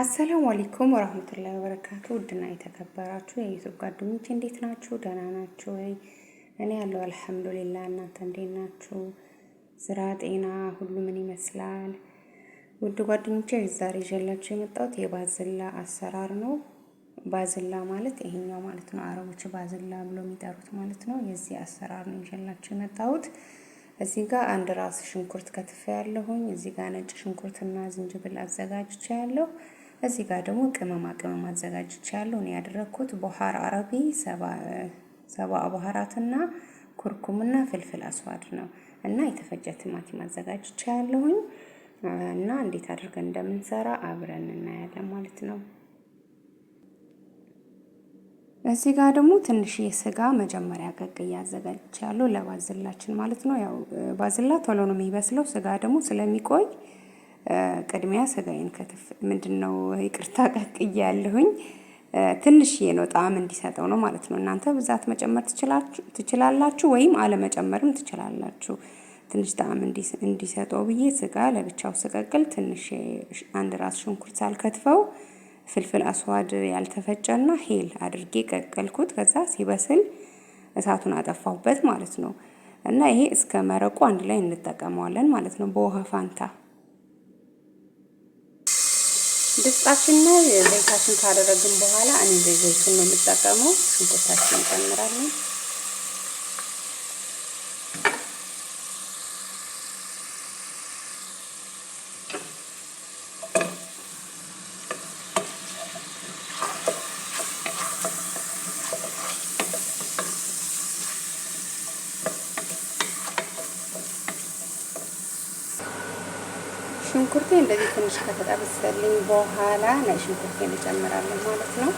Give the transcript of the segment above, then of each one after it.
አሰላሙ አለይኩም ወራህመቱላሂ ወበረካቱ። ውድና የተከበራችሁ የዩቱብ ጓደኞች እንዴት ናችሁ? ደህና ናችሁ ወይ? እኔ ያለው አልሐምዱሊላ። እናንተ እንዴት ናችሁ? ስራ፣ ጤና ሁሉ ምን ይመስላል? ውድ ጓደኞቼ ዛሬ ይዤላችሁ የመጣሁት የባዝላ አሰራር ነው። ባዝላ ማለት ይሄኛው ማለት ነው። አረቦች ባዝላ ብሎ የሚጠሩት ማለት ነው። የዚህ አሰራር ነው ይዤላችሁ የመጣሁት። እዚህ ጋር አንድ ራስ ሽንኩርት ከትፈ ያለሁኝ። እዚህ ጋር ነጭ ሽንኩርትና ዝንጅብል አዘጋጅቼ ያለሁ እዚህ ጋር ደግሞ ቅመማ ቅመም አዘጋጅቻለሁ። እኔ ያደረግኩት ቡሃር አረቢ ሰባ ባህራትና ኩርኩምና ፍልፍል አስዋድ ነው እና የተፈጨ ቲማቲም አዘጋጅቻለሁኝ እና እንዴት አድርገን እንደምንሰራ አብረን እናያለን ማለት ነው። እዚህ ጋር ደግሞ ትንሽ የስጋ መጀመሪያ ቀቅዬ አዘጋጅቻለሁ ለባዝላችን ማለት ነው። ያው ባዝላ ቶሎ ነው የሚበስለው፣ ስጋ ደግሞ ስለሚቆይ ቅድሚያ ስጋዬን ከትፍ ምንድን ነው ይቅርታ ቀቅዬ ያለሁኝ ትንሽዬ ነው ጣዕም እንዲሰጠው ነው ማለት ነው። እናንተ ብዛት መጨመር ትችላላችሁ ወይም አለመጨመርም ትችላላችሁ። ትንሽ ጣዕም እንዲሰጠው ብዬ ስጋ ለብቻው ስቀቅል ትንሽ አንድ ራስ ሽንኩርት ሳልከትፈው ፍልፍል አስዋድ ያልተፈጨና ሄል አድርጌ ቀቀልኩት። ከዛ ሲበስል እሳቱን አጠፋሁበት ማለት ነው። እና ይሄ እስከ መረቁ አንድ ላይ እንጠቀመዋለን ማለት ነው በውሃ ፋንታ ድስጣችን ላይ ዘይታችን ካደረግን በኋላ እኔ ዘይቱን ነው የምጠቀመው። ሽንኩርታችን እንጨምራለን። ሽንኩርቴ እንደዚህ ትንሽ ከተጠበሰልኝ በኋላ ነጭ ሽንኩርቴ እጨምራለሁ ማለት ነው።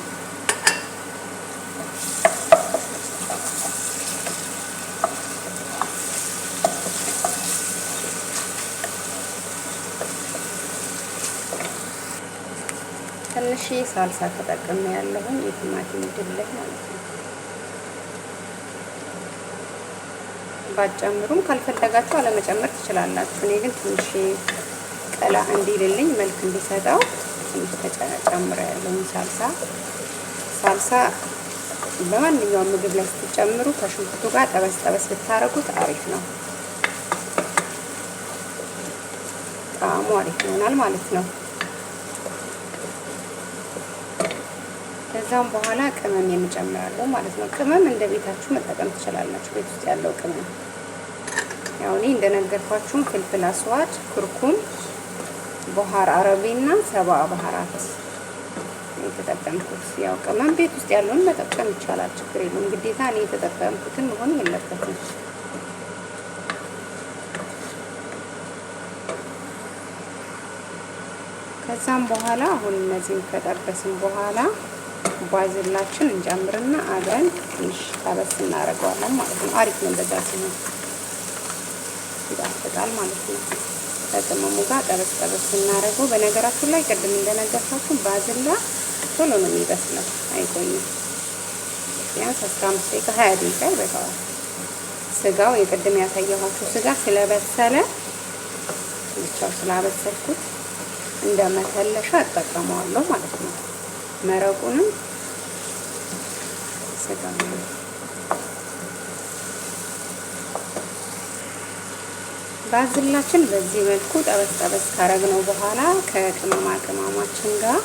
ትንሽ ሳልሳ ተጠቅም ያለሁን የቲማቲም ድልህ ማለት ነው። ባጨምሩም ካልፈለጋችሁ አለመጨመር ትችላላችሁ። እኔ ግን ትንሽ ቀላ እንዲልልኝ መልክ እንዲሰጠው ጨምረ ያለውን ሳልሳ ሳልሳ በማንኛውም ምግብ ላይ ስትጨምሩ ከሽንኩርቱ ጋር ጠበስ ጠበስ ብታረጉት አሪፍ ነው። ጣዕሙ አሪፍ ይሆናል ማለት ነው። ከዛም በኋላ ቅመም የምጨምራለሁ ማለት ነው። ቅመም እንደ ቤታችሁ መጠቀም ትችላላችሁ። ቤት ውስጥ ያለው ቅመም ያው እኔ እንደነገርኳችሁም ፍልፍል አስዋድ፣ ክርኩም ቡሀር አረቢና ሰባ ባህራት የተጠቀምኩት ያው ቅመም ቤት ውስጥ ያለውን መጠቀም ይቻላል፣ ችግር የለም። ግዴታ እኔ የተጠቀምኩትን መሆን የለበትም። ከዛም በኋላ አሁን እነዚህም ከጠበስን በኋላ ባዝላችን እንጨምርና አብረን ትንሽ ጠበስ እናደርገዋለን ማለት ነው። አሪፍ ነው እንደዛ ሲሆን ይጣፍጣል ማለት ነው። ከቅመሙ ጋር ጠበስ ጠበስ ስናደርገው፣ በነገራችን ላይ ቅድም እንደነገርኳችሁ ባዝላ ቶሎ ነው የሚበስለው፣ አይቆይም። ቢያንስ አስራ አምስት ደቂቃ ሀያ ደቂቃ ይበቃዋል። ስጋው የቅድም ያሳየኋችሁ ስጋ ስለበሰለ ብቻው ስላበሰልኩት እንደ መተለሻ እጠቀመዋለሁ ማለት ነው። መረቁንም ስጋ ነው ባዝላችን በዚህ መልኩ ጠበስ ጠበስ ካረግነው በኋላ ከቅመማ ቅመማችን ጋር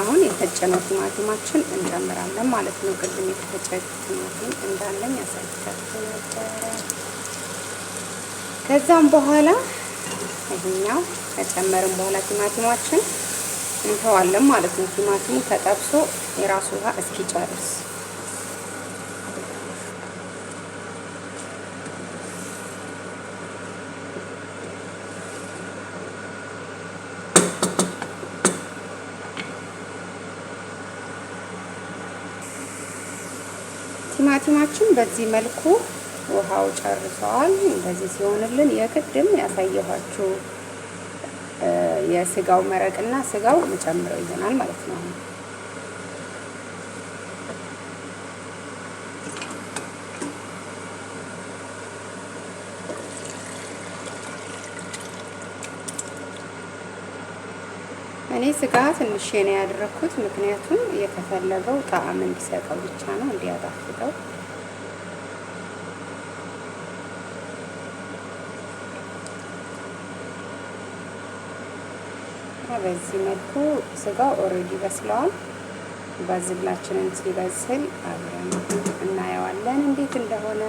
አሁን የፈጨነው ቲማቲማችን እንጨምራለን ማለት ነው። ቅድም የተፈጨ ቲማቲም እንዳለን ያሳይቻችሁ ነበረ። ከዛም በኋላ ይሄኛው ከጨመርን በኋላ ቲማቲማችን እንተዋለን ማለት ነው። ቲማቲሙ ተጠብሶ የራሱ ውሃ እስኪጨርስ ቲማቲማችን በዚህ መልኩ ውሃው ጨርሰዋል። እንደዚህ ሲሆንልን የቅድም ያሳየኋችሁ የስጋው መረቅና ስጋው መጨምረው ይዘናል ማለት ነው። እኔ ስጋ ትንሽ ነው ያደረኩት፣ ምክንያቱም የተፈለገው ጣዕም እንዲሰጠው ብቻ ነው እንዲያጣፍጠው በዚህ መልኩ ስጋው ኦሬዲ በስለዋል። ባዝላችንን ሲበስል አብረን እናየዋለን እንዴት እንደሆነ።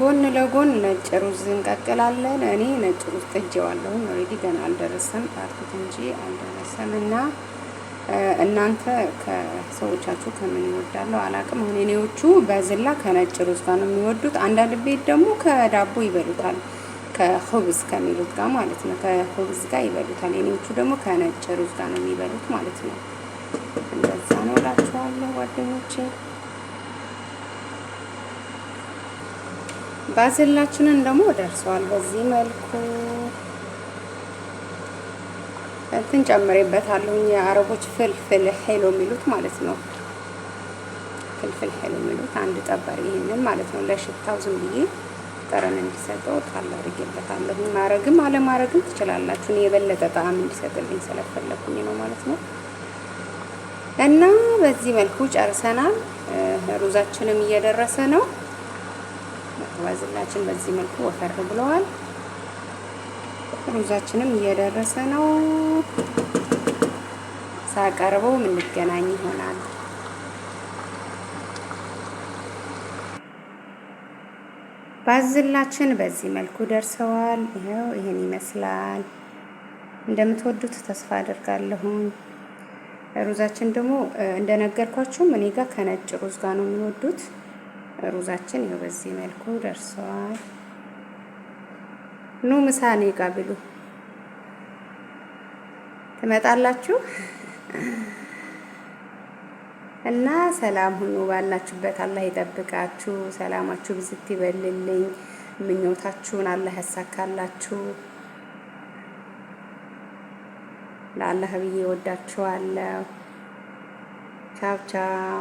ጎን ለጎን ነጭ ሩዝ እንቀቅላለን። እኔ ነጭ ሩዝ ጥጄዋለሁ። ኦሬዲ ገና አልደረሰም፣ ጣርኩት እንጂ አልደረሰም እና እናንተ ከሰዎቻችሁ ከምን ይወዳለሁ አላውቅም። አሁን እኔዎቹ በዝላ ከነጭ ሩዝ ጋር ነው የሚወዱት። አንዳንድ ቤት ደግሞ ከዳቦ ይበሉታል። ከሁብዝ ከሚሉት ጋር ማለት ነው። ከሁብዝ ጋር ይበሉታል። የኔዎቹ ደግሞ ከነጭ ሩዝ ጋር ነው የሚበሉት ማለት ነው። እንደዛ ነው እላችኋለሁ ጓደኞቼ። ባዝላችንን ደግሞ ደርሰዋል። በዚህ መልኩ እንትን ጨምሬበታለሁ። የአረቦች ፍልፍል ሄሎ የሚሉት ማለት ነው። ፍልፍል ሄሎ የሚሉት አንድ ጠበር ይህንን ማለት ነው ለሽታው ዝም ብዬ ጠረን እንዲሰጠው ጣል አድርጌበታለሁ። ማረግም አለማረግም ትችላላችሁ። እኔ የበለጠ ጣዕም እንዲሰጥልኝ ስለፈለኩኝ ነው ማለት ነው። እና በዚህ መልኩ ጨርሰናል። ሩዛችንም እየደረሰ ነው። ባዝላችን በዚህ መልኩ ወፈር ብለዋል። ሩዛችንም እየደረሰ ነው። ሳቀርበው የምንገናኝ ይሆናል። ባዝላችን በዚህ መልኩ ደርሰዋል። ይኸው ይህን ይመስላል። እንደምትወዱት ተስፋ አደርጋለሁኝ። ሩዛችን ደግሞ እንደነገርኳችሁ እኔ ጋር ከነጭ ሩዝ ጋር ነው የሚወዱት። ሩዛችን ይኸው በዚህ መልኩ ደርሰዋል። ኑ ምሳ እኔ ጋር ብሉ። ትመጣላችሁ። እና ሰላም ሁኑ ባላችሁበት፣ አላህ ይጠብቃችሁ። ሰላማችሁ ብዝት ይበልልኝ። ምኞታችሁን አላህ ያሳካላችሁ። ለአላህ ብዬ ወዳችኋለሁ። ቻው ቻው።